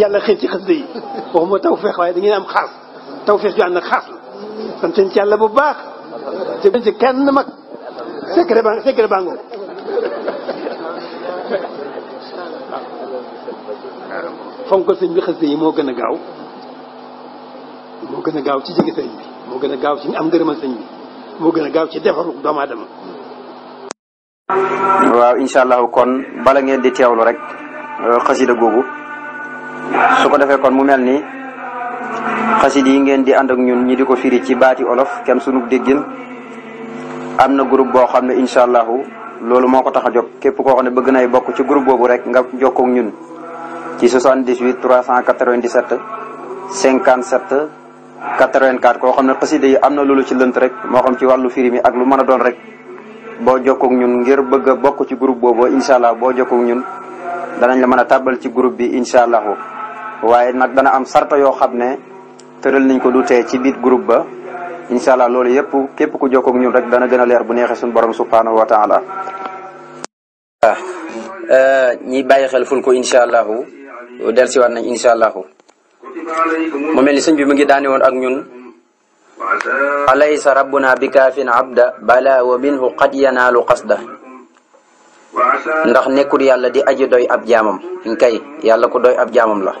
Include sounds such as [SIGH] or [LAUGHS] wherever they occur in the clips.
yàlla xëy ci xasida yi waxuma tawfeex waaye da ngeen am xaas tawfeex ju ànd ak xaas la ci yàlla bu baax te ci kenn mag secret ba secret baa sëñ bi xasida yi moo gën a gaaw moo gën a gaaw ci jege sëñ bi moo gën a gaaw ci am ngërëmal sëñ bi moo gën a gaaw ci defaru doomu aadama waaw incha allah kon bala ngeen di teewlu rek xasida googu su ko defee kon mu mel ni xasid yi ngeen di ànd ak ñun ñi di ko firi ci baati olof kenn sunug déggin am na groupe boo xam ne incha allahu loolu moo ko tax a jóg képp koo xam ne bëgg nay bokk ci group boobu rek nga jokkoog ñun ci 78 397 57 84 koo xam ne xasida yi am na loolu ci lënt rek moo xam ci wàllu firi mi ak lu mën a doon rek boo jokkoog ñun ngir bëgg a bokk ci groupe boobu incha allah boo jokkoog ñun danañ la mën a tàbbal ci group bi incha allahu waaye nag dana am sarta yoo xam ne tëral nañ ko du tee ci biir groupe ba incha allah loolu yëpp képp ku jokkoo ak ñun rek dana gën a leer bu neexee suñu borom subhaanahu wa taala eh, ñi bàyyi xel ful ko incha allahu del siwaat nañ incha allahu mu mel ni sëñ bi mu ngi daane woon ak ñun alaysa rabbuna bi kaafin abda bala wa minhu qad yanaalu qasda ndax nekkul yàlla di aji doy ab jaamam in kay yàlla ku doy ab jaamam la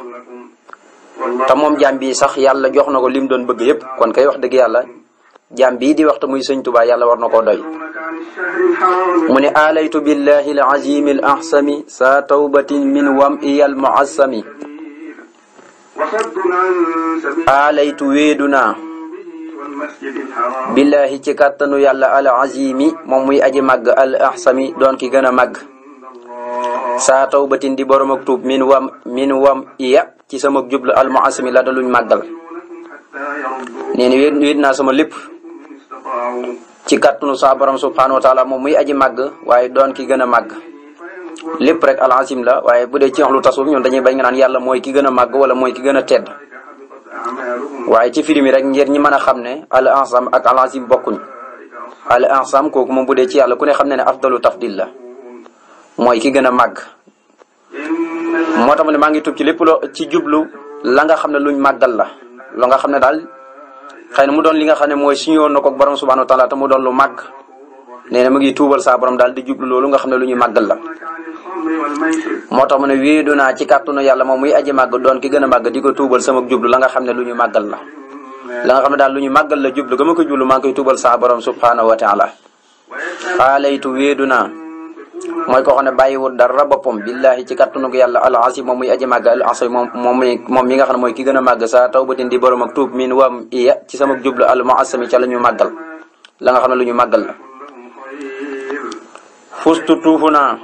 te moom jaam bii sax yàlla jox na ko lim doon bëgg yëpp kon kay wax dëgg yàlla jaam bii di waxta muy sëñ Tuubaa yàlla war na koo doy mu ne aalaytu billahi al azimi al ahsami saa tawbatin min wam iyal muassami aalaytu wéedu naa billahi ci kàttanu yàlla al azimi moom muy aji màgg al ahsami doon ki gën a màgg saa taw batin di borom ak tuub min wam iya ci sama jublu almuasimi la da luñ màggal nee na naa sama lépp ci kàttanu saa borom subhanahu wa moom muy aji màgg waaye doon ki gën a màgg lépp rek alasim la waaye bu dee ci lu tasawuf ñun dañuy bañ nga naan yàlla mooy ki gën a màgg wala mooy ki gën a tedd waaye ci firi mi rek ngir ñi mën a xam ne al ansam ak alasim bokkuñ al ansam kooku moom bu dee ci yàlla ku ne xam ne ne afdalu tafdil la mooy ki gën a màgg moo tax mu ne maa ngi tub ci lépp loo ci jublu la nga xam ne lu ñu màggal la lu nga xam ne daal xëy na mu doon li nga xam ne mooy siñoon na ko borom subhanahu wa taala te mu doon lu màgg nee na mu ngi tuubal saa borom daal di jublu loolu nga xam ne lu ñuy màggal la moo tax mu ne wéedu naa ci kàttanu yàlla moom muy aji màgg doon ki gën a màgg di ko tuubal sama jublu la nga xam ne lu ñu màggal la la nga xam ne daal lu ñu màggal la jublu ga ma ko jublu maa ngi koy tuubal saa borom subhanahu wa taala xaalaytu wéedu naa mooy koo xam ne bàyyiwul dara boppam billaahi ci kàttanug yàlla alasi moom muy aji màgg alasi moom moom moom mi nga xam mooy ki gën a màgg sa tawbatin di ak tuub min waam iya ci sama jublu al muasami ca la ñu màggal la nga xam ne lu ñu màggal la fustu tuufu naa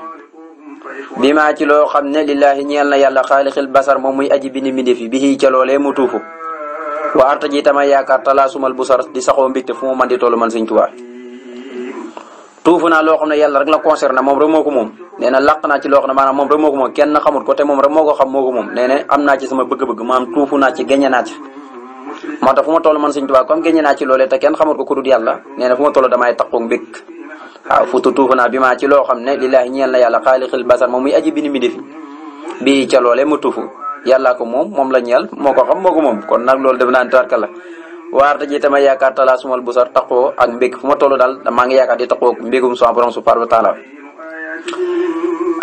bi maa ci loo xam ne lillaahi ñeel na yàlla xaalixil basar moom muy aji bindi mbindéef yi bi ca loolee mu tuufu wa arta ji a yaakaar talaa sumal bu sar di saxoo mbégte fu mu mën di toll man Sëñ tuufu naa loo ne yàlla rek la concerné moom rek moo ko moom nee na ci loo xam ne moom rek moo ko moom kenn xamut ko te moom rek moo ko xam moo ko moom naa ci ma toll man Sëñ Tuubaa comme génne naa ci loolee te kenn xamut ko ku dul yàlla nee na fu ma toll loo xam ne lillaahi ñeel na yàlla xaalixil basar moom muy aji bini mi defi bi ca loolee mu tuufu yàllaa ko moom moom la ñeel moo ko xam moo kon nag loolu def naa tarka la waarta ji tama yaakaar tala sumal bu sar taqoo ak mbég fu ma toll daal maa ngi yaakaar di taqoo mbégum sama borom subhanahu wa taala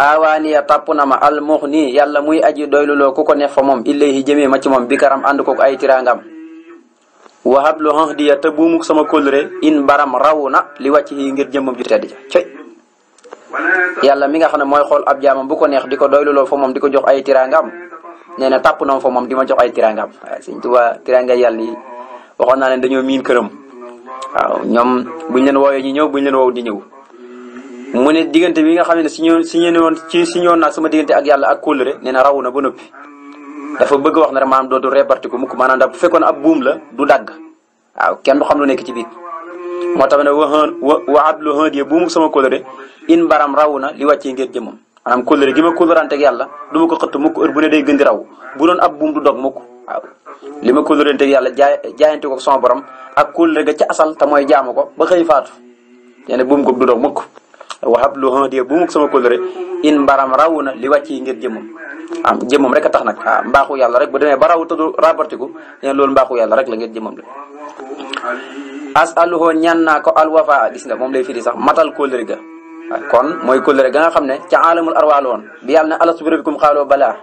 awaaniya tàpp na ma al mux nii yàlla muy aji doyluloo ku ko neex fa moom ilayhi jëmee ma ci moom bi karam ànd kook ay tirangam wahab lu xanx diya sama kóllëre in baram raw na li wàcc yi ngir jëmmam ju tedd ja cey mi nga xam ne mooy xool ab jaamam bu ko neex di ko doyluloo fa moom di ko jox ay tirangam nee na tàpp na ma fa moom di ma jox ay tirangam waaw Sëñ Tuubaa tiranga yàlla yi waxoon naa leen dañoo miin këram waaw ñoom buñ leen woowee ñi ñëw buñ leen woow di ñëw mu ne diggante bi nga xam ne si ñoon si woon ci si ñoon naa sama diggante ak yàlla ak kóllëre nee na raw na ba noppi dafa bëgg wax ne rek maanaam dootu réparti ko mukk maanaam daf bu fekkoon ab buum la du dagg waaw kenn du xam lu nekk ci biir moo tax ne waxaan wa ablu bu buumu sama kóllëre in baram raw na li wàccee ngeen jëmam maanaam kóllëre gi ma kóllëraante ak yàlla du ma ko xëtt mukk heure bu ne day gën di raw bu doon ab buum du dog mukk waaw li ma kóllërante ak yàlla jaay jaayante ko sama borom ak kóllëre ga ca asal mooy jaamu ko ba xëy faatu nee na buum ko du doog mukk waxab lu xamante na li wàcc yi ngir jëmmam ah jëmmam rek a tax nag ah mbaaxu yàlla rek bu demee ba raw te du rabartiku nee na loolu mbaaxu yàlla rek la ngir jëmmam la as aluhoo ñaan naa ko alwafa gis nga moom lay firi sax matal kóllëre ga kon mooy kóllëre ga nga xam ne ca alamul arwaal woon bi yàlla ne alastu bi rabbikum xaaloo balaa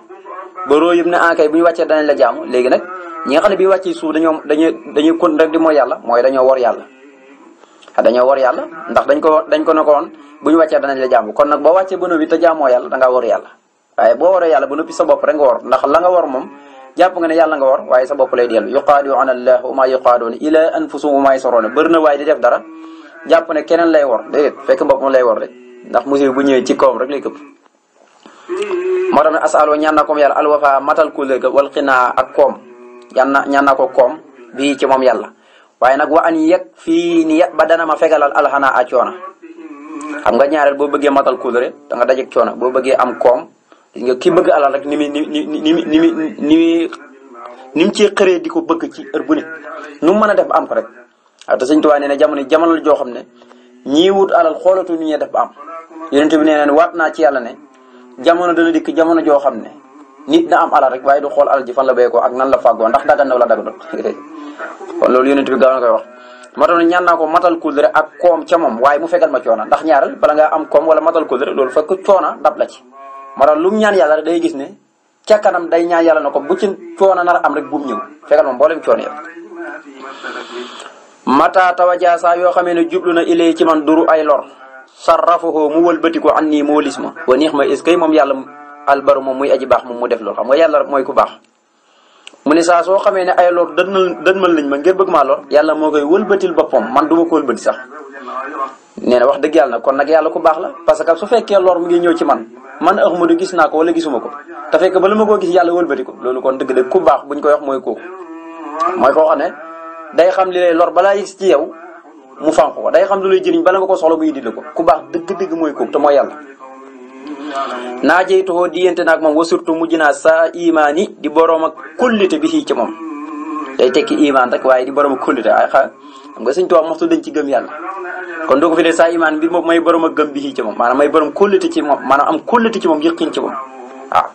ba roo yëpp ne ah bu ñu wàccee danañ la jaamu léegi nag ñi nga bi wàccee suuf dañoo dañuy dañuy kon rek di mooy yàlla mooy dañoo war yàlla dañoo war yàlla ndax dañ ko dañ ko ne ko bu ñu wàccee danañ la jaamu kon nag boo wàccee ba noppi te yàlla dangaa war yàlla waaye boo waree yàlla ba noppi sa bopp rek nga war ndax langa nga war moom jàpp nga ne yàlla nga war waaye sa bopp lay dellu yuqaadu an allah wa maa yuqaaduuna ila anfusum wa maa yasoroona bëri waaye di def dara jàpp ne keneen lay wor fekk fekk boppam lay wor rek ndax musiba bu ñëwee ci kawam rek lay këpp moo tax ne asaaloo ñaan na koom yàlla alwafa matal kulle ga wal xinaa ak koom ñaan na ñaan na ko koom bii ci moom yàlla waaye nag wa an yeg fii ni yet ba dana ma fegalal alxanaa a coona xam nga ñaareel boo bëggee matal kullere da nga dajeeg coona boo bëggee am koom nga ki bëgg alal rek ni muy ni ni ni ni ni ni mu cee xëree di ko bëgg ci heure bu ne nu mu mën a def ba am ko rek te sëñ Tuubaa nee na jamono jamono joo xam ne ñii wut alal xoolatu ni ñuy def am yonent bi nee na waat naa ci yàlla ne jamono dana dikk jamono joo xam ne nit na am alal rek waaye du xool alal ji fan bay béyekoo ak nan la fàggoo ndax dagan na wala daganut [LAUGHS] kon loolu yonent bi na koy wax moo tax ne ñaan matal kóllëre ak koom ca moom waaye mu fegal ma coona ndax ñaaral bala am koom wala matal kóllëre loolu fekk coona dab la ci moo tax lu ñaan yàlla rek day gis ne ca kanam ñaan yàlla na ko bu ci coona nar am rek bu mu ñëw fegal ma mboolem coona yëpp mata saa yoo xamee ne jublu na ilay ci man duru ay lor sarrafahu mu wëlbati ko an nii mu wëlis ma wa neex ma est-ce moom yàlla albaru moom muy aji baax moom mu def loolu xam nga yàlla mooy ku baax mu ne saa soo xamee ne ay lor dënmal dënmal nañ ma ngir bëgg maa lor yàlla moo koy wëlbatil boppam man du ma ko wëlbati sax nee na wax dëgg yàlla kon nag yàlla ku baax la parce que su fekkee lor mu ngi ñëw ci man man Ahmadu gis naa ko wala gisuma ko te fekk ba la ma koo gis yàlla wëlbati ko loolu kon dëgg dëgg ku baax buñ koy wax mooy mooy koo xam ne day xam li lay lor balaa yegg ci yow mu fànq day xam lu lay jëriñ bala nga ko soxla bu di la ko ku baax dëgg-dëgg mooy kooku te mooy yàlla naa jeytoo diyente nag moom wa surtout mujj naa saa imaani di boroom ak kullite bi fii ci moom day tekki imaan rek waaye di boroom ak kullite xam nga sëñ Tuubaa moxtu dañ ci gëm yàlla kon doo ko fi ne saa imaan mbir moom mooy boroom ak gëm bi fii ci moom maanaam mooy boroom kullite ci moom am kullite ci moom yëqin ci moom waaw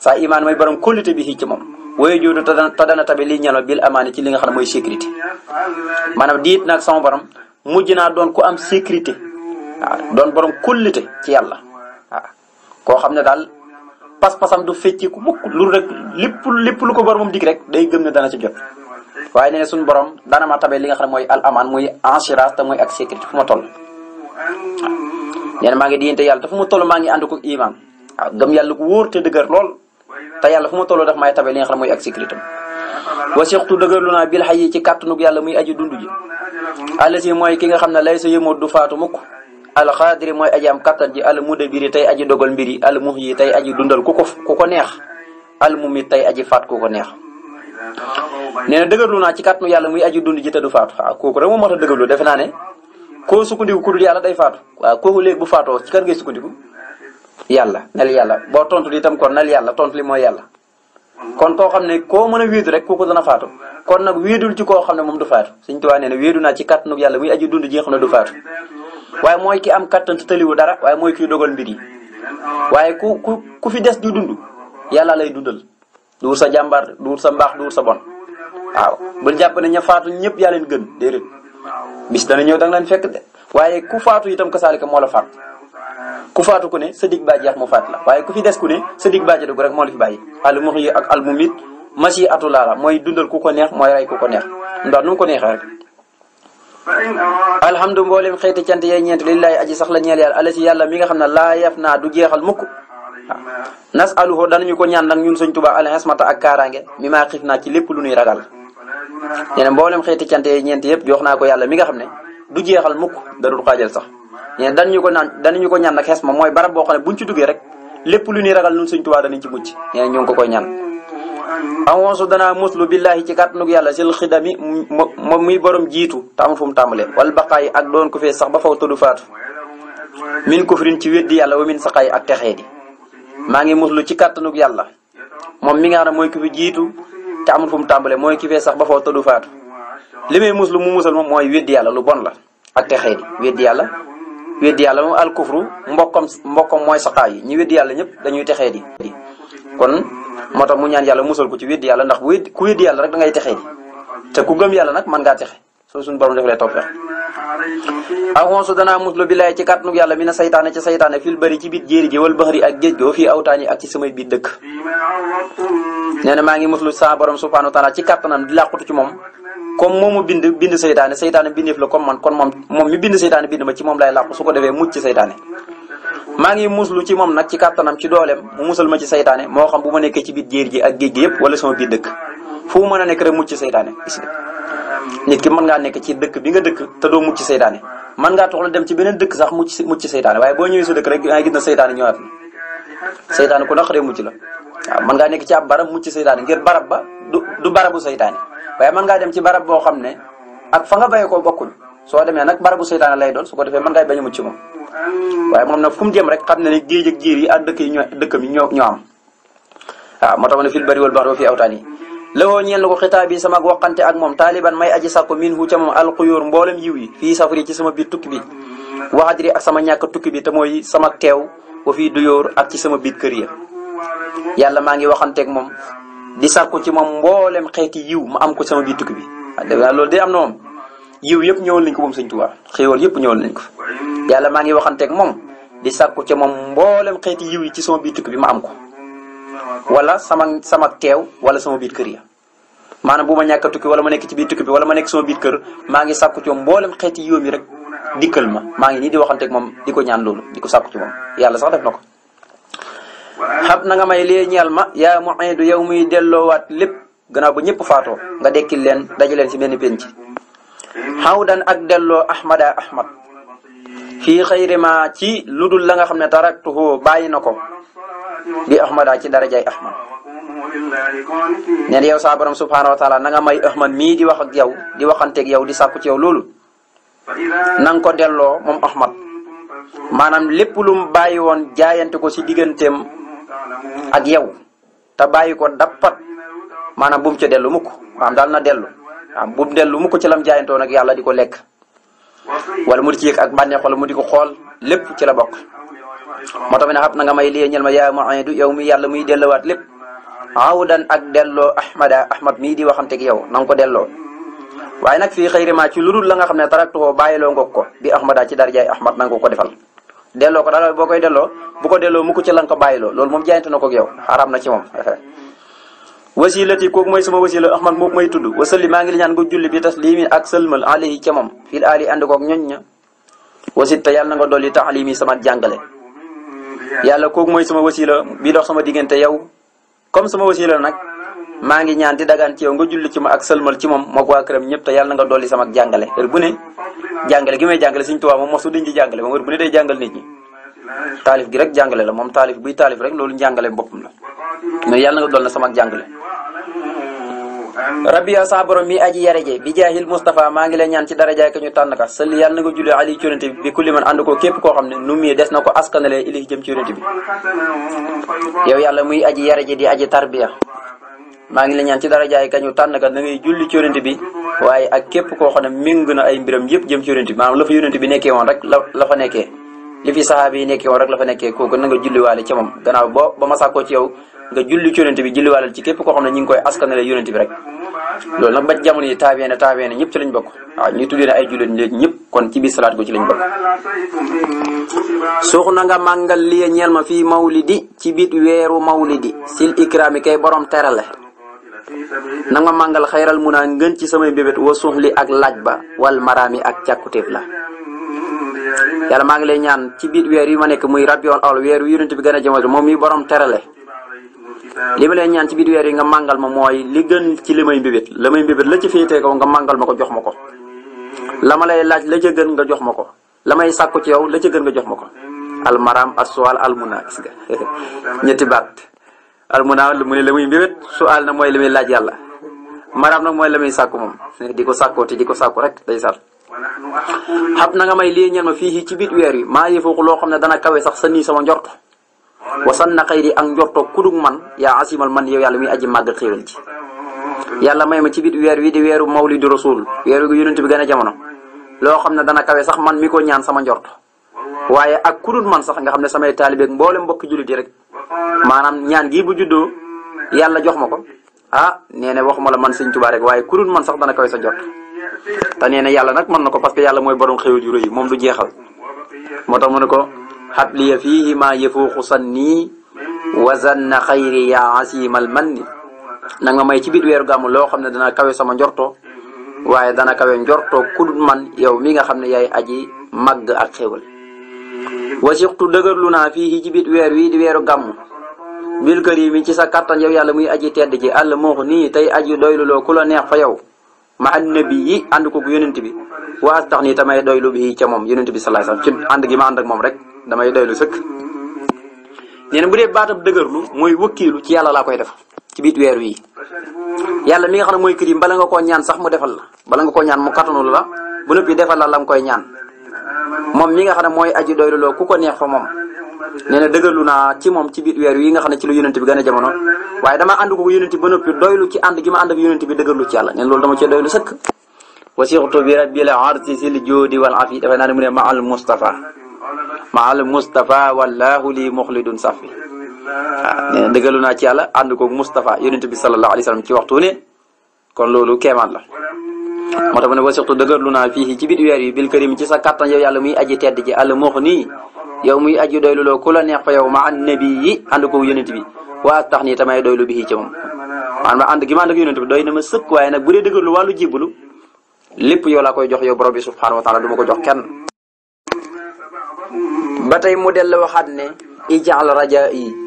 saa mooy boroom kullite bi fii ci moom wooye joodu ta dana tabe li ñal ma bil amaani ci li nga xam ne mooy sécurité maanaam diit na sama borom mujj naa doon ku am sécurité waaw doon borom kullite ci yàlla waaw koo xam ne daal pas-pasam du fecci ku mukk lu rek lépp lépp lu ko boromam dig rek day gëm ne dana ci jot waaye nee suñu borom dana ma tabe li nga xam ne mooy al amaan muy assurance te ak sécurité fu ma toll waaw nee na maa ngi diggante yàlla te fu ma toll maa ngi ànd ko iman waaw gëm yàlla te dëgër lool te yàlla fu ma tolloo daf maay tabe li nga xam ne mooy ak sécurité wasiqtu dëgërlu naa bil xay ci kàttanug yàlla muy aji dund ji alasi mooy ki nga xam ne lay sa yëmoot du faatu mukk alxaadiri mooy aji am kattan ji al mudabiri tey aji dogal mbir yi al muhyi tey aji dundal ku ko ku ko neex al mumit tey aji faat ku ko neex nee na naa ci kàttanu yàlla muy aji dund ji te du faatu waaw kooku rek moo mat a dëgërlu defe naa ne koo sukkandiku ku dul yàlla day faatu waaw kooku léegi bu faatoo ci kan ngay sukkandiku yàlla nel yàlla boo tontu li itam kon nel yàlla tontu li mooy yàlla kon koo xam ne koo mën a wéedu rek kooku dana faatu kon nag wéedul ci koo xam ne moom du faatu Sëñ Tuubaa nee na naa ci kàttanu yàlla muy aji dund ji nga xam ne waaye mooy ki am kattan te tëliwu dara waaye mooy kiy dogal mbir yi waaye ku ku ku fi des di dund yàlla lay dundal du wut sa jàmbaar du wut sa mbaax du wut sa bon waaw bul jàpp ne ña faatu ñëpp yaa leen gën déedéet bis dana ñëw danga leen fekk de waaye ku faatu itam kasaalika moo la faat ku faatu ku ne sa dig baa jeex mu faat la waaye ku fi des ku ne sa dig baa jeex rek moo la fi bàyyi al muhyi ak al mumit masi atu laala mooy dundal ku ko neex mooy rey ku ko neex ndax nu mu ko neexee rek alhamdu mboolem xeeti cant yee ñeent lillahi aji sax la ñeel yàlla ala si yàlla mi nga xam ne laa yaf naa du jeexal mukk waaw nas aluhu danañu ko ñaan nag ñun sëñ Tuubaa alxesmata ak kaaraange mi maa xiif naa ci lépp lu nuy ragal nee na mboolem xeeti cant ñeent yëpp jox naa ko yàlla mi nga xam ne du jeexal mukk darul xaajal sax ñeen dañu ko naan dañu ko ñaan nag xes ma mooy barab boo xam ne buñ ci duggee rek lépp lu ñuy ragal nun Sëñ Tuubaa danañ ci mucc ñeen ñu ngi ko koy ñaan awonsu danaa muslu billaahi ci kàttanug yàlla sil xidami moom muy borom jiitu te fu mu tàmbalee wala baqaay ak doon ko fee sax ba faw tëdu faatu min kufrin ci weddi yàlla wa min saqaay ak texee maa ngi muslu ci kàttanug yàlla moom mi nga xam mooy ki jiitu te fu mu tàmbalee mooy ki sax ba faw tëdu faatu li may muslu mu musal moom mooy weddi yàlla lu bon la ak texee di weddi yàlla weddi yàlla moom alkufru mbokkam mbokkam mooy saqaa yi ñi weddi yàlla ñëpp dañuy texee di kon moo tax mu ñaan yàlla musal ko ci weddi yàlla ndax bu ku weddi yàlla rek da ngay texee di te ku gëm yàlla nag man ngaa texe soo suñu borom def lay toppeex ak xonsu danaa muslu bi lay ci kàttanu yàlla mi na saytaane ci saytaane fil bëri ci biir jéeri ji wal baxri ak géej goo fii awtaan yi ak ci samay biir dëkk nee na maa ngi muslu sa borom subhanahu wa taala ci kàttanam di ci moom comme moomu mu bind seytaane seytaane bindeef la comme man kon moom moom mi bind seytaane bind ma ci moom lay làqu su ko defee mucc seytaane maa ngi muslu ci moom nag ci kàttanam ci dooleem musal ma ci seytaane moo xam bu ma nekkee ci biir jéer ji ak géej gi yëpp wala sama biir dëkk rek mucc seytaane nga nit ki mën ngaa nekk ci dëkk bi nga dëkk te doo mucc seytaane mën ngaa toxla dem ci beneen dëkk sax mucc mucc seytaane waaye boo ñëwee sa dëkk rek yaa ngi gis na seytaane ñëwaat na seytaane ku naqaree la mën ngaa nekk ci ab barab mucc seytaane ngir barab ba du du barabu seytaane waaye man ngaa dem ci barab boo xam ne ak fa nga bayee koo bokkul soo demee nag barabu seytaane lay doon su ko defee mën ngaa bañ a mucc moom waaye moom nag fu mu jëm rek xam ne ne géej ak yi ak dëkk yi ñoo dëkkam yi ñoo ñoo am waaw moo tax ma ne fil bëri wal bax ba fii ko xitaab yi sama waxante ak moom taaliban may aji sàkku min hu ca moom alxuyóor mboolem yiw yi fii safari ci sama biir tukki bi waxadiri ak sama ñàkk tukki bi te mooy sama teew wa fii duyóor ak ci sama biir kër ya maa ngi waxanteeg moom di sàkku ci moom mboolem xeeti yiw ma am ko sama biir tukki bi wax dëgg loolu am na moom yëpp ñëwal nañ ko moom sëñ Tuubaa xéewal yëpp ñëwal nañ ko yàlla maa waxanteeg moom di sàkku ci moom mboolem xeeti yiw yi ci sama biir tukki bi ma am ko wala sama sama teew wala sama biir kër ya maanaam bu ma ñàkk a tukki wala ma nekk ci biir tukki bi wala ma nekk sama biir kër maa ngi sàkku ci moom mboolem xeeti yiw mi rek dikkal ma maa ngi nii di waxanteeg moom di ko ñaan loolu di ko sàkku ci moom yàlla sax def na ko xam na nga may lee ñeel ma yaa mu iidu yow muy delloowaat lépp gannaaw bu ñëpp faatoo nga dekkil leen daje leen ci benn penc xawdan ak delloo ahmada ahmad fii xayri ma ci lu dul la nga xam ne taraktuhu bàyyi na ko bi ahmada ci darajay ahmad neen yow saa borom subhaanahu wa taala na mii di wax ak di waxanteeg yow di sàkku ci yow loolu na nga ko delloo moom ahmad maanaam lépp lu woon jaayante ko ci digganteem ak yow te bàyyi ko ndappat maanaam bu mu dellu mukk maanaam daal na dellu waaw bu mu dellu mukk ci lam jaayantoon ak yàlla di ko lekk wala mu di ak bànneex wala mu di ko xool lépp ci la bokk moo tax ne xab na nga may lii ñel ma yaa ma du yow mi yàlla muy dellowaat lépp awdan ak delloo ahmada ahmad mii di waxante ak yow na nga ko delloo waaye nag fii xëyri ma ci lu dul la nga xam ne taraktuwoo bàyyiloo nga ko bi ahmada ci darjaay ahmad na nga ko defal delloo ko daal boo koy delloo bu ko delloo mu ko ci lan ko bàyyiloo moom jaayante na ko ak yow xaram na ci moom [LAUGHS] wasilati kooku mooy sama wasila ahmad moom may tudd wasalli maa ngi ñaan nga julli bi taslimi ak sëlmal alayhi ca moom fil ali ànd koog ñoñ ña wasit te yàlla na nga dolli taalimi sama jàngale yàlla kooku mooy sama wasila bi dox sama diggante yow comme sama wasila nag maa ngi ñaan di daganti ci yow nga julli ci ma ak sëlmal ci moom mook waa këram ñëpp te yàlla na nga dolli sama jàngale heure bu ne jàngale gi may jàngale Sëñ Tuubaa moom mosu dañ ci jàngale moom wër bu ne day jàngal nit ñi taalif gi rek jàngale la moom taalif buy taalif rek loolu njàngale boppam la mais yàlla na nga dool na sama jàngale rabia sa borom mi aji yareje bi jaahil Moustapha maa ngi lay ñaan ci dara ka ñu tànn ka sëli yàlla na nga jullee ali ci yonente bi bi kulli man ànd ko képp koo xam ne nu mii des na ko askanalee ili jëm ci yonente bi yow yàlla muy aji yareje di aji tarbiya maa ngi la ñaan ci dara jaay ka ñu tànn ka da ngay julli ci yonent bi waaye ak képp koo xam ne méng na ay mbiram yëpp jëm ci yonent bi maanaam la fa yonent bi nekkee woon rek la la fa nekkee li fi saxaaba yi nekkee woon rek nga julliwaale ca moom gannaaw boo ba ma sàkkoo ci yow nga julli ci ci képp ko xam ne ñu ngi koy askanale yonent bi rek loolu nag ba jamono yi taabee na taabee na ñëpp ci bokk waaw ñuy tuddee ne ay jullit ñëpp kon ci biir salaat gu ci lañ bokk suux na nga màngal li ñeel ma fii mawlidi ci biit weeru mawlidi sil ikraami kay borom terale na nga ma màngal xayral mu naa ngën ci samay bébét wa suuxli ak laaj ba wal maraami ak càkkutéef la yàlla maa ngi lay ñaan ci biir weer yi ma nekk muy rabiul awwal weer wi yonent bi gën a jëmal moom mi borom terale li ma ñaan ci biir weer yi nga màngal ma mooy li gën ci li may mbébét lamay may mbébét la ci féetee kaw nga màngal ma ko jox ma ko lama lay laaj la ca gën nga jox ma ko la may sàkku ci yow la ca gën nga jox ma ko maram aswal almuna gis nga [LAUGHS] ñetti baat almunaawal mu ne la muy mbébét su'aal na mooy li muy laaj yàlla maanaam nag mooy la muy sàkku moom di ko sàkkoo di ko sàkku rek day sàll. xam na nga may lii ñeel ma fii ci biir weer wi maa yëfooku loo xam ne dana kawe sax sa nii sama njort wasan na ak njortoo kudug man yaa asimal man yow yàlla muy aji màgg xéewal ci yàlla may ma ci biir weer wi di weeru mawlidu rasul weeru gu yonent bi gën jamono loo xam ne dana kawe sax man mi ko ñaan sama njort waaye ak kudul man sax nga xam ne samay taalibeeg mboolem mbokki jullit yi rek maanaam ñaan gii bu juddoo yàlla jox ma ko ah nee na waxuma la man sëñ Tuubaa rek waaye ku man sax dana koy sa jot te nee na yàlla nag mën na ko parce que yàlla mooy borom xéwal yu rëy moom du jeexal moo tax mu ne ko xabliya fiihi maa yafuuqu ni wa na xayri yaa asimal man ni nag may ci biir weeru gàmmu loo xam ne dana kawe sama njorto waaye dana kawe njorto ku man yow mi nga xam ne yaay aji màgg ak xéwal wasiqtu dëgërlu naa fii ci biir weer wii di weeru gàmm bil bi ci sa kattan yow yàlla muy aji tedd ji àlla moo ko nii tey aji doyluloo ku la neex fa yow ma an nabi yi ànd ko yonent bi waas tax nii tamay doylu bi ca moom yonent bi sa salaay salaam ci ànd gi ma ànd moom rek damay doylu sëkk neen bu dee baatab dëgërlu mooy wëkkiilu ci yàlla laa koy def ci biir weer wii yàlla mi nga xam ne mooy kër yi bala nga koo ñaan sax mu defal la bala nga koo ñaan mu kattanu la bu noppi defal la la nga koy ñaan moom mi nga xam ne mooy aji doylu loo ku ko neex fa moom nee dëgër lu naa ci moom ci biir weer yi nga xam ne ci lu yonent bi gane a jamono waaye dama ànd ko yonent bi ba noppi doylu ci ànd gi ma ànd ak yonent bi dëggalu ci yàlla nee na loolu dama cee doylu sëkk wasixtu bi rabbil arsi sil joodi wal afi dafa naa ne mu ne maal mustafa maal mustafa wallahu li muxlidun safi waaw nee na dëggalu naa ci yàlla ànd ko Mustafa yonent bi sallallahu alayhi wa sallam ci waxtu ne kon loolu kéemaan la moo tax mu ne wa surtout dëgërlu naa fii ci biir weer yi bil karim ci sa kattan yow yàlla muy aji tedd ji àll moox nii yow muy aji doyluloo ku la neex fa ma an nabi yi ànd ko yonent bi waa tax nii tamay doylu bi ci moom maanaam ànd ki ma ànd ko yonent bi doy na ma sëkk waaye nag bu dee dëgërlu wàllu jiblu lépp yow laa koy jox yow borom bi subhanahu wa taala du ma ko jox kenn ba tey mu dellu waxaat ne ijaal raja yi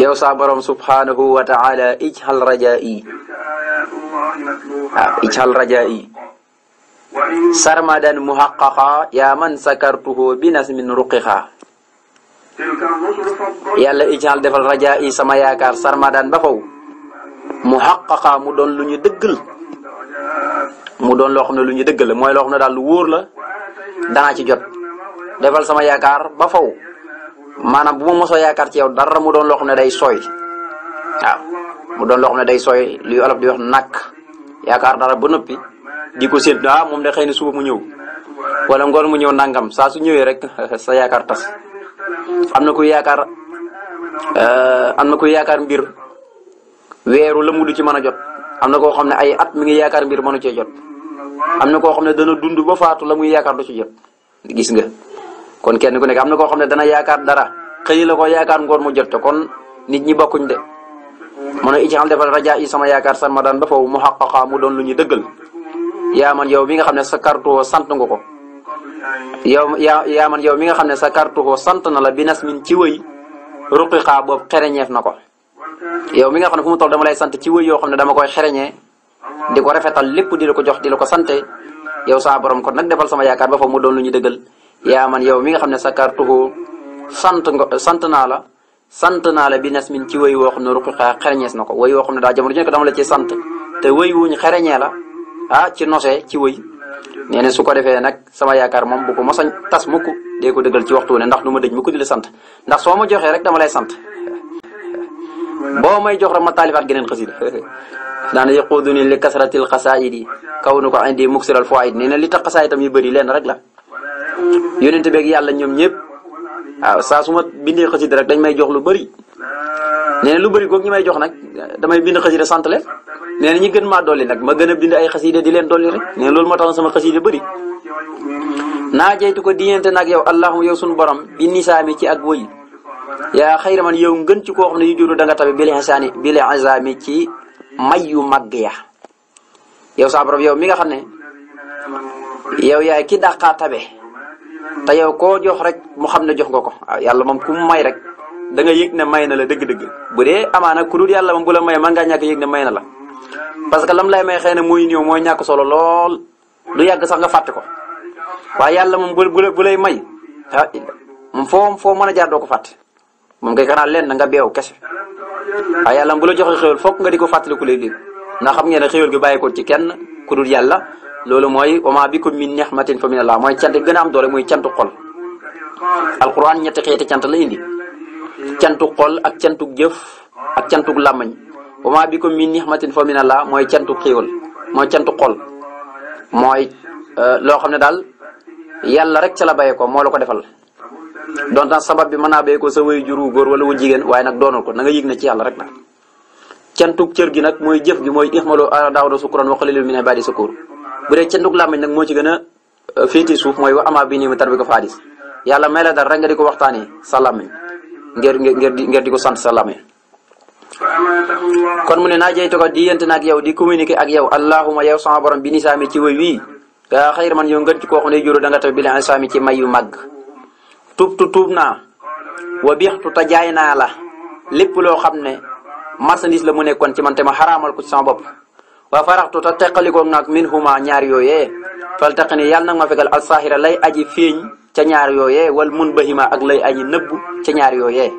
yow saa borom subhaanahu wa taala ijxal rajaa'i waaw ah, ijxal rajaa'i sarmadan muhaqqaqa yaa man sakartuhu bi nasmin ruqiqa yàlla ijxal defal rajaa'i sama yaakaar sarmadan ba faw muhaqqaqa mu doon lu ñu dëggal mu doon loo xam ne lu ñu dëggal mooy loo xam ne daal lu wóor la danaa ci jot defal sama yaakaar ba faw maanaam bu ma mosoo yaakaar ci yow dara mu doon loo ne day sooy mu doon loo ne day sooy luy olof di wax nàkk yaakaar dara ba noppi di ko séntu ah moom de xëy na suba mu ñëw wala ngoon mu ñëw nangam saa su ñëwee rek [LAUGHS] sa yaakaar tas am na ku yaakaar euh, am na ku yaakaar mbir weeru la mu du ci mën a jot am na koo xam ne ay at mu ngi yaakaar mbir mënu cee jot am na koo xam ne dana dund ba faatu la muy yaakaar du ci jot gis nga. kon kenn ku nekk am na koo xam ne dana yaakaar dara xëy la ko yaakaar ngoon mu jot te kon nit ñi bokkuñ de mu ne xam defal raja yi sama yaakaar san ma daan ba faw mu xaqaqa mu doon lu ñu dëggal yaa man yow mi nga xam ne sa kartuwoo sant nga ko yow yaa yaa man yow mi nga xam ne sa kartuwoo sant na la bi nas min ci wëy ruqiqaa boobu xereñeef na ko yow mi nga xam ne fu mu toll dama lay sant ci wëy yoo xam ne dama koy xereñee di ko rafetal lépp di la ko jox di la ko sante yaw saa borom kon nag defal sama yaakaar ba faw doon lu ñu dëggal yaa man yow mi nga xam ne sakartuhu sant nga sant naa la sant naa la bi nas min ci way woo xam ne ruqiqaa xereñees na ko wéy woo xam ne daa jamono ju nekk dama la ci sant te wéy wuñ xereñee la ah ci nosee ci wéy nee na su ko defee nag sama yaakaar moom bu ko mos a tas mukk de ko dëggal ci waxtu ne ndax du ma dëj mukk di la sant ndax soo ma joxee rek dama lay sant boo may jox rek ma taalifaat geneen xasida daana yaquuduni li kasratil xasaayid yi kaw nu ko indi muksiral fawaid nee na li tax xasaayitam yu bëri leen rek la yónent beeg yàlla ñoom ñëpp waaw saa su ma bindee xasida rek dañ may jox lu bëri nee na lu bëri googu ñi may jox nag damay bind xasida sant le nee na ñi gën maa dolli nag ma gën a bind ay xasida di leen dolli rek nee na loolu moo tax sama xasida bëri naa jeytu ko diñeente nag yow allahuma yow suñu borom bi nisaami ci ak woy yaa xayra man yaw ngën ci ko xam ne yu juru da nga tabi bil insaani bil insaami ci may yu màgg ya yow saa borom yow mi nga ne yow te yow koo jox rek mu xam ne jox nga ko waaw ah, yàlla moom ku mu may rek da nga ne may na la dëgg-dëgg bu dee amaana ku dul yàlla moom bu may mën ngaa ñàkk yëg ne may na la parce que lam lay may xëy na muy ñëw mooy ñàkk solo lool du yàgg sax nga fàtte ko waaye yàlla moom bu bu lay may ah foo mën a jaar ko fàtte moom kay xanaa lenn nga beew kese waaye yàlla bu la joxe xéwal fokk nga di ko fàttaliku léeg-léeg ndax xam ngeen ne xéwal gi bàyyi ko ci kenn ku yàlla loolu mooy wa bi bikum min nixmatin fa min allah mooy cant gën a am doole muy cantu xol ñetti xeeti cant la indi cantu xol ak cantu jëf ak cantu làmmañ wa maa bikum min nixmatin fa min allah mooy cantu xéewal mooy cantu xol mooy euh, loo xam ne daal yàlla rek ca la bayee ko moo la ko defal doon tax sabab bi mën naa bayee ko sa way juru góor wala wu jigéen waaye nag doonal ko na nga yëg ne ci yàlla rek nag cantug cër gi nag mooy jëf gi mooy ixmalu ala daawuda sukuran wa qalilun min ibadi sukur bu dee cëndug làmmiñ nag moo ci gën a euh, féeti suuf mooy wa amaa bi nii mu bi ko fa hadis yàlla may la dara rek nga di ko waxtaanee sa làmmiñ ngir ngir di ngir di ko sant sa làmmiñ kon mu ne naa jeytu ko diyante na ak yow di communiquer ak yow allahuma yow sama borom bi nisaami ci way wii yaa xayr man yow ngën ci koo xam ne juru da nga taw bi la saami ci may yu màgg tubtu tuub naa wa biixtu ta jaay naa la lépp loo xam ne marchandise la mu nekkoon ci man te ma xaraamal ko ci sama bopp wa faraxtu ta teqalikoog nag min huma ñaar yooyee fal taq ni yàlla nag ma fegal alsaahira lay aji feeñ ca ñaar yooyee wal mun bahima ak lay aji nëbbu ca ñaar yooyee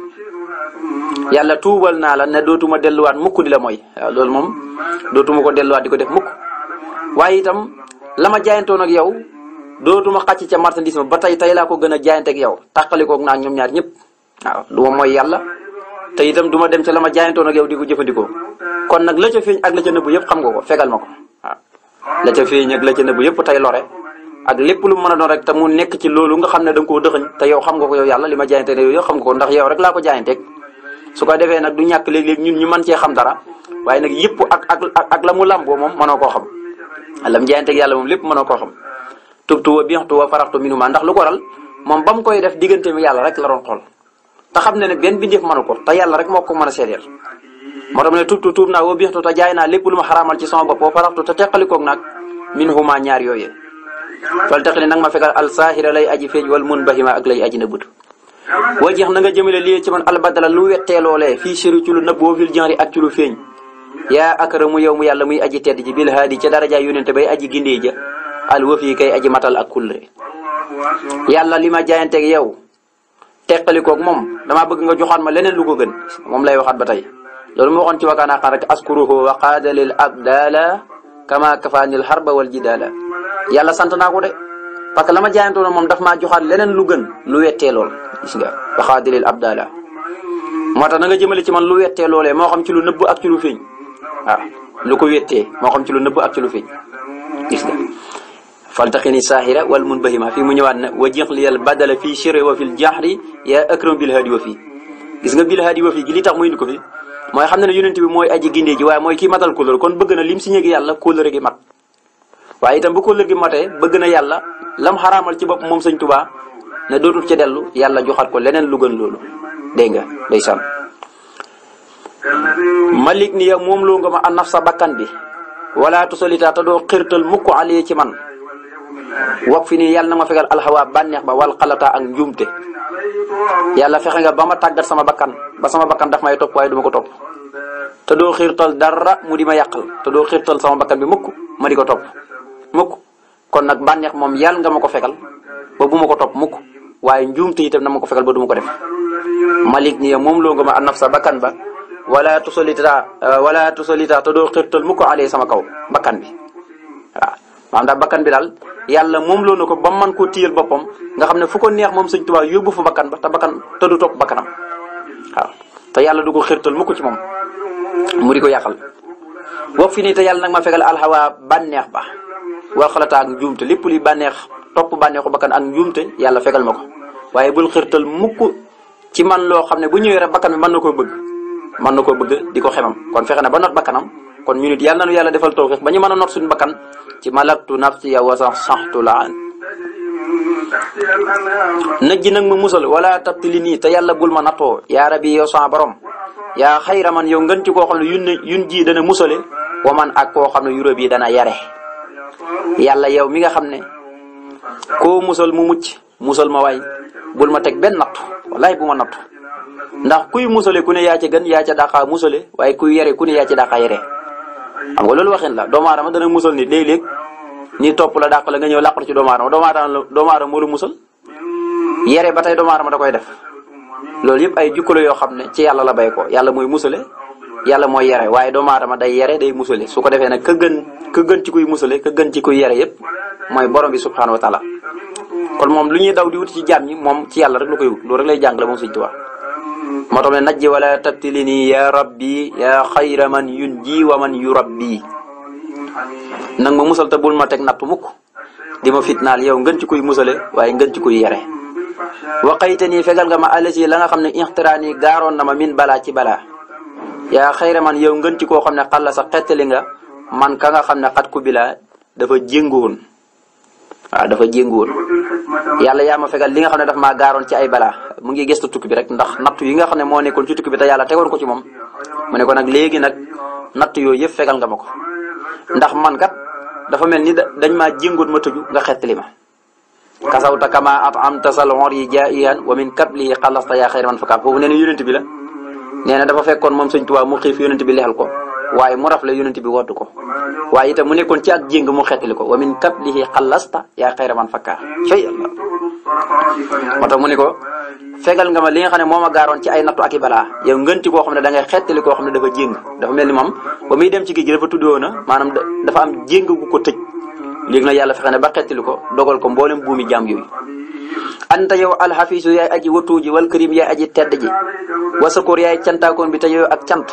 yàlla tuubal naa la ne dootuma delluwaat mukk di la mooy loolu moom dootuma ko delluwaat di ko def mukk waaye itam la ma jaayantoon yow dootuma xàcc ca marchandise ma ba tey tey laa ko gën a jaayanteeg yow tàqalikoog naag ñoom ñaar ñëpp waaw du ma mooy yàlla te itam du ma dem ca la ma jaayantoon ak yow di ko jëfandikoo kon nag la ca ak la ca nëbbu yëpp xam nga ko fegal ma ko la ca feeñ la ca nëbbu yëpp tey lore ak lépp lu mën a doon rek te mu nekk ci loolu nga xam ne da nga koo dëxañ te yow xam nga ko yow yàlla li ma jaayante ne yow xam nga ko ndax yow rek laa ko jaayanteeg su ko defee nag du ñàkk léeg-léeg ñun ñu mën cee xam dara waaye nag yëpp ak ak ak la mu làmboo moom mënoo koo xam lam jaayanteeg yàlla moom lépp mënoo koo xam tubtu wa bixtu wa faraxtu minuma ndax lu ko waral moom ba mu koy def diggante mi yàlla rek la doon xool te xam ne ne benn bindeef mënu ko te yàlla rek moo ko mën a seedeel moo tax mu ne tubtu tuub naa woo biixtu te jaay naa lépp lu ma xaraamal ci sama bopp woo faraxtu te teqalikoog nag min huma ñaar yooyee fal taqi ne nag ma fekkal al saahira lay aji feej wal mun bahima ak lay aji nëbbut waa jeex na nga jëmale lii ci man albadala lu wettee loolee fii siru ci lu nëbb woo fil jenri ak ci lu feeñ yaa akramu yow mu yàlla muy aji tedd ji bil haadi ca darajaay te bay aji gindee ja al wafi kay aji matal ak kullre yàlla li ma jaayanteeg yow teqalikoog moom damaa bëgg nga joxaat ma leneen lu ko gën moom lay waxaat ba tey loolu mu waxoon ci wakaana xarak askuruhu wa qaadalil abdala kama kafaanil harba wal jidala yàlla sant naa ko de parce que la ma jaayantoona moom daf maa joxaan leneen lu gën lu wettee lool gis nga wa qaadalil moo tax na nga jëmale ci man lu wettee loolee moo xam ci lu nëbb ak ci lu feeñ waaw ah, lu ko wettee moo xam ci lu nëbb ak ci lu feeñ gis nga faltaqini saahira wal munbahima fii mu ñëwaat na wa jixliyal badala fii shirri wa fil jahri yaa akram bil hadi wa fii gis nga bil hadi wa fii li tax mu indi ko fi mooy xam ne ne yonent bi mooy aji gindee ji waaye mooy kii matal kóllëre kon bëgg na lim si ñëgi yàlla kóllëre gi mat waaye itam bu kóllëre gi matee bëgg na yàlla lam xaraamal ci bopp moom sëñ Tuubaa na dootul ca dellu yàlla joxaat ko leneen lu gën loolu dégg nga ndeysaan malik ni ya moom loo nga ma an sa bakkan bi wala tusalita te doo xirtal ci man wak fi nii yàlla na ma fegal alxawa bànneex ba wal xalataa ak njuumte yàlla fexe nga ba ma tàggat sama bakkan ba sama bakkan daf may topp waaye du ma ko topp te doo xiirtal dara mu di ma yàqal te doo xiirtal sama bakkan bi mukk ma di ko topp mukk kon nag bànneex moom yàlla nga ma ko fegal ba ko topp mukk waaye njuumte itam na ma ko fegal ba du ko def malik nii moom loo nga ma annaf sa bakkan ba wala tusalita wala tusalita te doo xiirtal mukk alee sama kaw bakkan bi waaw daal bakkan bi daal yàlla moom loo na ko ba man koo téyal boppam nga xam ne foo ko neex moom sëñ Tuubaa yóbbu fa bakkan ba te bakkan te du topp bakkanam waaw te yàlla du ko xirtal mu ko ci moom mu di ko yàqal wax fi nii te yàlla nag ma fegal alxawa bànneex ba wal xalata ak njuumte lépp luy bànneex topp bànneexu bakkan ak njuumte yàlla fegal ma ko waaye bul xirtal mukk ci man loo xam ne bu ñëwee rek bakkan bi mën na koo bëgg mën na koo bëgg di ko xemam kon fexe na ba not bakkanam kon ñu yàlla na nu yàlla defal tawfiq ba ñu mën a not suñu bakkan ci malaktu nafsiya wa sax saxtu la an najji nag ma musal wala tabtili nii te yàlla bul ma nattoo yaa rabi yow sa borom yaa xayra man yow ngën ci koo xam ne yun ne ji dana musale wa man ak koo xam ne yurób yi dana yare yàlla yow mi nga xam ne ko musal mu mucc musal ma waay bul ma teg benn nattu wallaay bu ma nattu ndax kuy musale ku ne yaa ca gën yaa ca daqaa musale waaye kuy yare ku ne yaa ca daqaa yare xam nga loolu waxin la doomu dana musal nit léeg-léeg ñi topp la dàq la nga ñëw làqatu ci doomu aadama doomu aadama doomu aadama moo la musal yére ba tey doomu aadama da koy def loolu yëpp ay jukkaloo yoo xam ne ci yàlla la bay ko yàlla mooy musale yàlla mooy yere waaye doomu aadama day yere day musale su ko defee nag ka gën ka gën ci koy musale ka gën ci kuy yere yëpp mooy borom bi subhanahu wa taala kon moom lu ñuy daw di wut ci jaam ñi moom ci yàlla rek la koy wut loolu rek lay jàngale moom Sëñ Tuubaa moo tax ne najji wala tabtili nii yaa rabbi yaa xayra man yu ji wa man yu rabbi nang ma musal te bul ma teg napp mukk di ma fitnaal yow ngën ci kuy musale waaye ngën ci kuy yere waqayte nii fegal nga ma alasi la nga xam ne ixtiraani gaaroon na ma min balaa ci balaa yaa xayra man yow ngën ci koo xam ne xalla sa xettali nga man ka nga xam ne xat ku bila dafa jéngoon waaw dafa jénguwoon yàlla yaa ma fegal li nga xam ne daf maa gaaroon ci ay balaa mu ngi gëstu tukki bi rek ndax natt yi nga xam ne moo nekkoon ci tukki bi te yàlla tegoon ko ci moom mu ne ko nag léegi nag natt yooyu yëpp fegal nga ma ko ndax man kat dafa mel ni dañ maa jéngoon ma tëju nga xettali ma kasawta kama at am tasal xor yi jaa iyan wa min kablihi xalasta yaa xayra man fakaab foofu nee na yonent bi la nee na dafa fekkoon moom sëñ Tuubaa mu xiif yonent bi leexal ko waaye mu raf la yonent bi woddu ko waaye itam mu nekkoon ci ak jéng mu xeetli ko wa min kablihi xallasta yaa xayra man fakkaa cay allah moo tax mu ni ko fegal nga ma li nga xam ne moo ma gaaroon ci ay nattu ak i balaa yow ngënti koo xam ne danga ngay xeetli koo xam ne dafa jéng dafa mel moom ba muy dem ci géej gi dafa tuddoo na maanaam dafa am jéng gu ko tëj léegi na yàlla fexe ne ba xeetli ko dogal ko mboolem buumi jaam yooyu anta yow alxafiisu yaay aji watuuji wal karim yaay aji tedd ji wa wasakoor yaay cantaakoon bi ta yow ak cant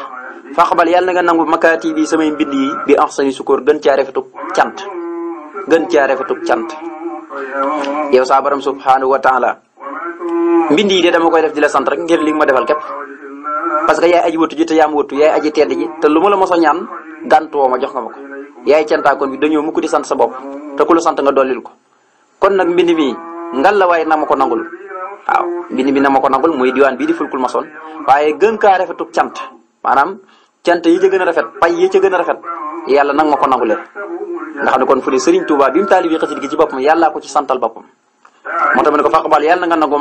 faqbal yàlla na nga nangu makaati bi samay mbind yi bi ahsani sukóor gën caa rafetuk cant gën caa rafetuk cant yow saa borom subhanahu wa taala mbind yi de dama koy def di la sant rek ngir li ma defal képp parce que yaay aji wëttu ji te yaa ma yaay aji tedd ji te lu ma la mos a ñaan gàntuwoo ma jox nga ma ko yaay cantaakoon bi dañoo mukk di sant sa bopp te ku la sant nga dollil ko kon nag mbind mi ngal la waaye na ma ko nangul waaw mbind mi na ma ko nangul diwaan bii di fulkul masoon waaye cant yi ca gën a rafet pay yi ca gën a rafet yàlla nag ma ko nangu leen nga xam ne kon fu ne Serigne Touba bi mu taalib yi ci boppam yàllaa ko ci santal boppam moo tax mu ne ko yàlla na nga nangu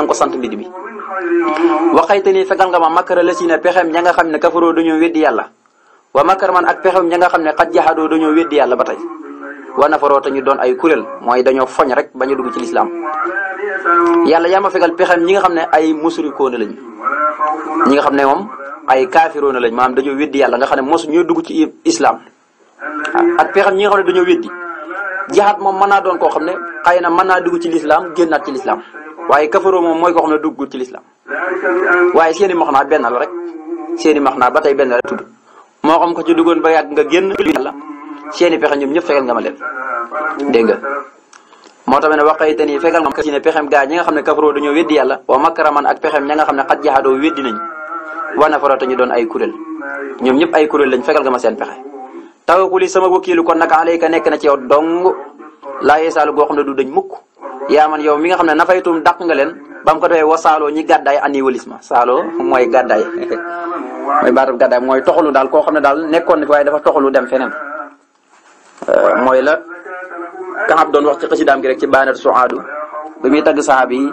a ko sant mbind mi waxayte ni fegal nga ma makkara la si ne ña nga xam ne kafaroo dañoo weddi yàlla wa makkar man ak pexem ña nga xam ne xaj jaxadoo dañoo weddi yàlla ba tey wa nafaroo te ñu doon ay kuréel mooy dañoo foñ rek bañu dugg ci yàlla yaa ma fegal pexem ñi nga xam ne ay musrikoona lañ ñi nga xam ne moom ay kaafiroona lañ maanaam dañoo weddi yàlla nga xam ne mosu ñoo dugg ci islam ak pexem ñi nga xam ne dañoo weddi jaxaat moom mën naa doon koo xam ne xëy na mën naa dugg ci lislaam génnaat ci lislaam waaye kafaroo moom mooy koo xam ne dugg ci lislaam waaye seeni max naa benn la rek seeni max naa ba tey benn la tudd moo xam ko ci duggoon ba yàgg nga génn yàlla seeni pexe ñoom ñëpp fegal nga ma leen dégg moo tamit ne wax te nii yi nga si ne pexem gaa ñi nga xam ne kafaroo dañoo xam ne xat jaxadoo weddi nañ wa nafara ay kuréel ñoom ñëpp ay kuréel lañ fekkal nga ma seen pexe tawakkuli sama kiilu kon naka alayka nekk na ci yow dong laa saalo goo xam ne du dañ mukk yaa man yow mi nga xam ne nafaytum dàq nga leen ba mu ko defee wa saaloo ñi gàddaay ani walis ma saalo mooy gàddaay [LAUGHS] mooy baatab gàddaay mooy toxalu daal koo xam ne daal nekkoon na fi waaye dafa toxalu dem feneen euh, mooy la Kaxab doon wax ci xasidaam gi rek ci bana baanat suaadu ba muy tagg saxaabi yi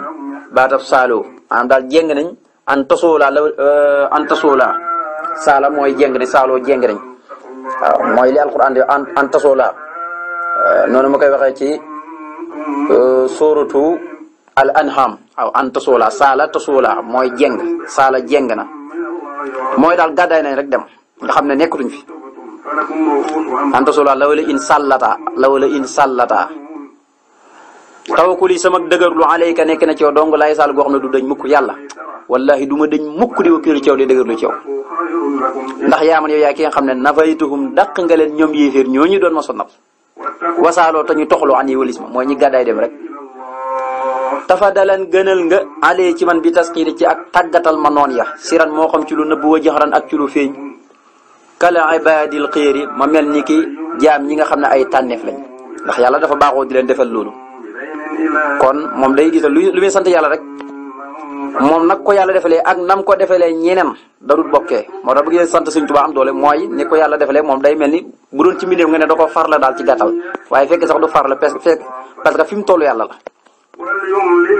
baatab saaloo maanaam daal jéng nañ an tasoola la euh, an saala mooy jéng nañ saaloo jéng nañ mooy li alquran di an an tasoola euh, noonu ma koy waxee ci euh, sóoratu al anham waaw mooy jéng saala jéng na mooy daal gàddaay nañ rek dem nga xam ne nekkatuñ fi an tasula lawla in sàllata lawla in sàllata tawakkuli a dëgër lu alayka nekk na ci yow dong laay sàll goo xam ne du dañ mukk yàlla wallahi du ma dañ mukk di wakkilu ci yow di dëgër lu ci yow ndax yaa man yow yaa ki nga xam ne nafaytuhum dàq nga leen ñoom yéeféer ñoo ñu doon ma sonal wasaaloo te ñu toxloo an walis ma mooy ñi gàddaay dem rek tafadalan gënal nga alee ci man bi taskiri ci ak tàggatal ma noon ya siran moo xam ci nëbb wa ak ci feeñ kala ibadil xiiri ma mel ni ki jaam ñi nga xam ne ay tànneef lañ ndax yàlla dafa baaxoo di leen defal loolu kon moom day jiital lu muy sant yàlla rek moom nag ko yàlla defalee ak nam ko defalee ñeneen darut bokkee moo tax bu ngeen sant Sëriñ Tuubaa am doole mooy ni ko yàlla defalee moom day mel ni bu doon ci mbindeef nga ne da ko far la daal ci gàttal waaye fekk sax du far la parce que parce que fi mu toll yàlla la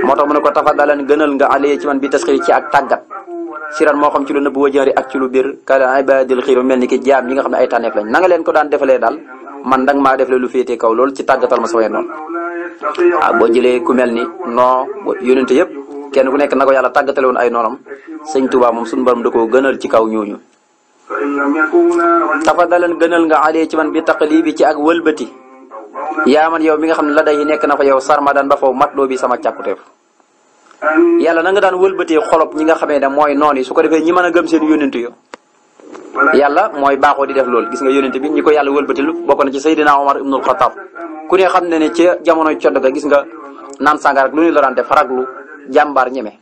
moo tax mu ne ko tafa dalan gënal nga alee ci man bi tasxiri ci ak tàggat siran moo xam ci lu nëbb wajaari ak ci lu biir kala ibadil xiir mel ni ki jaam ñi nga xam ne ay tànneef lañ na nga leen ko daan defalee daal man dang maa defle lu féete kaw loolu ci tàggatal ma sama noonu ah, boo jëlee ku mel ni non yónente yëpp kenn ku nekk na ko yàlla tàggatale woon ay noonam sëñ tubaa moom suñu borom da koo gënal ci kaw ñooñu tafadalan gënal nga alee ci man bi taqali bi ci ak wëlbati yaa man yow mi nga xam ne la day nekk na fa yow sarmadan ba faw mat loo bi sama càkkuteef yàlla na nga daan wëlbatee xolob ñi nga xamee ne mooy noon yi su ko defee ñi mën a gëm seen yónent yo yàlla mooy baaxoo di def lool gis nga yónent bi ñu ko yàlla wëlbatilu bokk na ci Seydina Omar ibnul Xataab ku xam ne ne ca jamonoy codd ga gis nga naan sàngara lu ñu la daan def raglu jàmbaar ñeme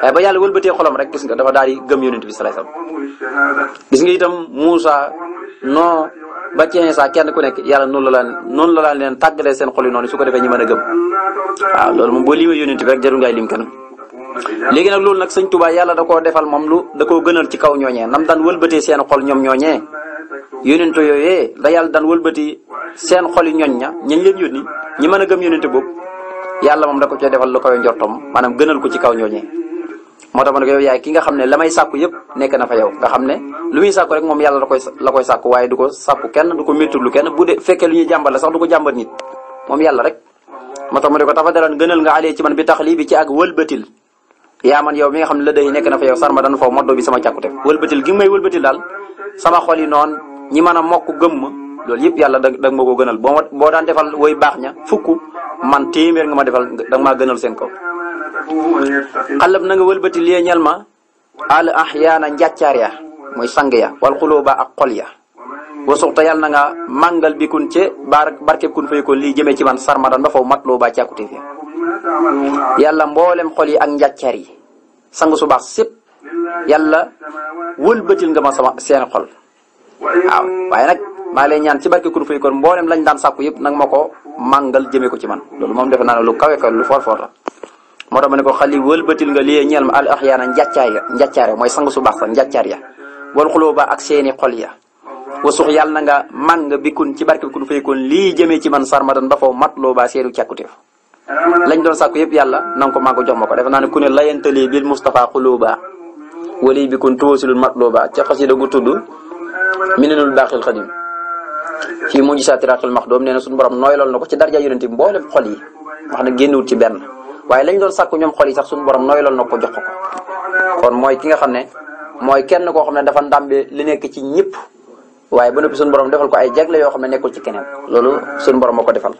waaye eh, ba yàlla wëlbatee rek gis nga dafa daal di gëm yónent bi salaay salaam gis nga itam Muusa noo ba Ceesa kenn ku nekk yàlla noonu la laan noonu la laan leen tàggalee seen xol yi noonu su ko defee ñi mën a gëm waaw loolu moom boo limee yónent bi rek jarul ngay lim kenn léegi nag loolu nag sëñ Tuubaa yàlla da koo defal moom lu da koo gënal ci kaw ñooñee nam daan wëlbatee seen xol ñoom ñooñee yónent yooyee da yàlla daan wëlbati seen xol yi ñoñ ña ñañ leen yónni ñi mën a gëm yónent boobu yàlla moom da ko cee defal lu koy njortom maanaam gënal ko ci kaw ñooñee moo tax ma ne ko yow yaay ki nga xam ne lamay may sàkku yëpp nekk na fa yow nga xam ne lu muy sàkku rek moom yàlla la koy la koy sàkku waaye du ko sàkku kenn du ko méttul lu kenn bu dee fekkee lu ñuy jàmbat sax du ko jàmbat nit moom yàlla rek moo tax mu ne ko tafadalan gënal nga alee ci man bi tax lii bi ci ak wëlbatil yaa man yow mi nga xam ne la nekk na fa yow sarma dan foofu moddo bi sama càkkute wëlbatil gi may wëlbatil daal sama xol yi noonu ñi mën a mokk gëm ma loolu yëpp yàlla da nga ma ko gënal boo boo daan defal woy baax ña fukk man téeméer nga ma defal da maa gënal seen kaw xalab na nga wëlbati lee ma ma al ahyaana njàccaar ya mooy sang ya wal xulóoba ak xol ya wa suxta yàlla na nga màngal bi kun ci baar barkeb kun fay ko lii jëmee ci man sarmadan ba faw mat loo ba càkkute fi yàlla mboolem xol yi ak njàccaar yi sangu su baax sépp yàlla wëlbatil nga ma sama seen xol waaw waaye nag maa ñaan ci barke kun lañ daan sàkku yëpp nag ma ko màngal jëmee ko ci man loolu moom defe naa ne lu kawe kawe lu foor foor la moo tax ma ne ko xali wëlbatil nga lii ñeel ma al axyaana njàccaar mooy sangu su baax sa njàccaar ya wal xuloo ak seeni xol ya wasux yàlla na nga man nga bikkun ci barke bi kun faykoon lii jëmee ci man sarmadan ba faw mat loo baa seedu càkkuteef lañ doon sàkku yëpp yàlla na nga ko maa ko jox ma ko defe naa ne ku ne layantalee bil Moustapha xulóoba wali bi kun tuwasilul mat loo baa ca xasida gu tudd minenul baaxil xadim fii mu gisaati raqil max doom nee na suñu borom nooylool na ko ci darja yonente bi mboolem xol yi wax na génnwut ci benn waaye lañ doon sàkku ñoom xol yi sax suñu borom nooylool na ko jox ko kon mooy ki nga xam ne mooy kenn koo xam ne dafa ndàmbe li nekk ci ñëpp waaye ba noppi suñu borom defal ko ay jagle yoo xam ne nekkul ci keneen loolu suñu borom moo ko defal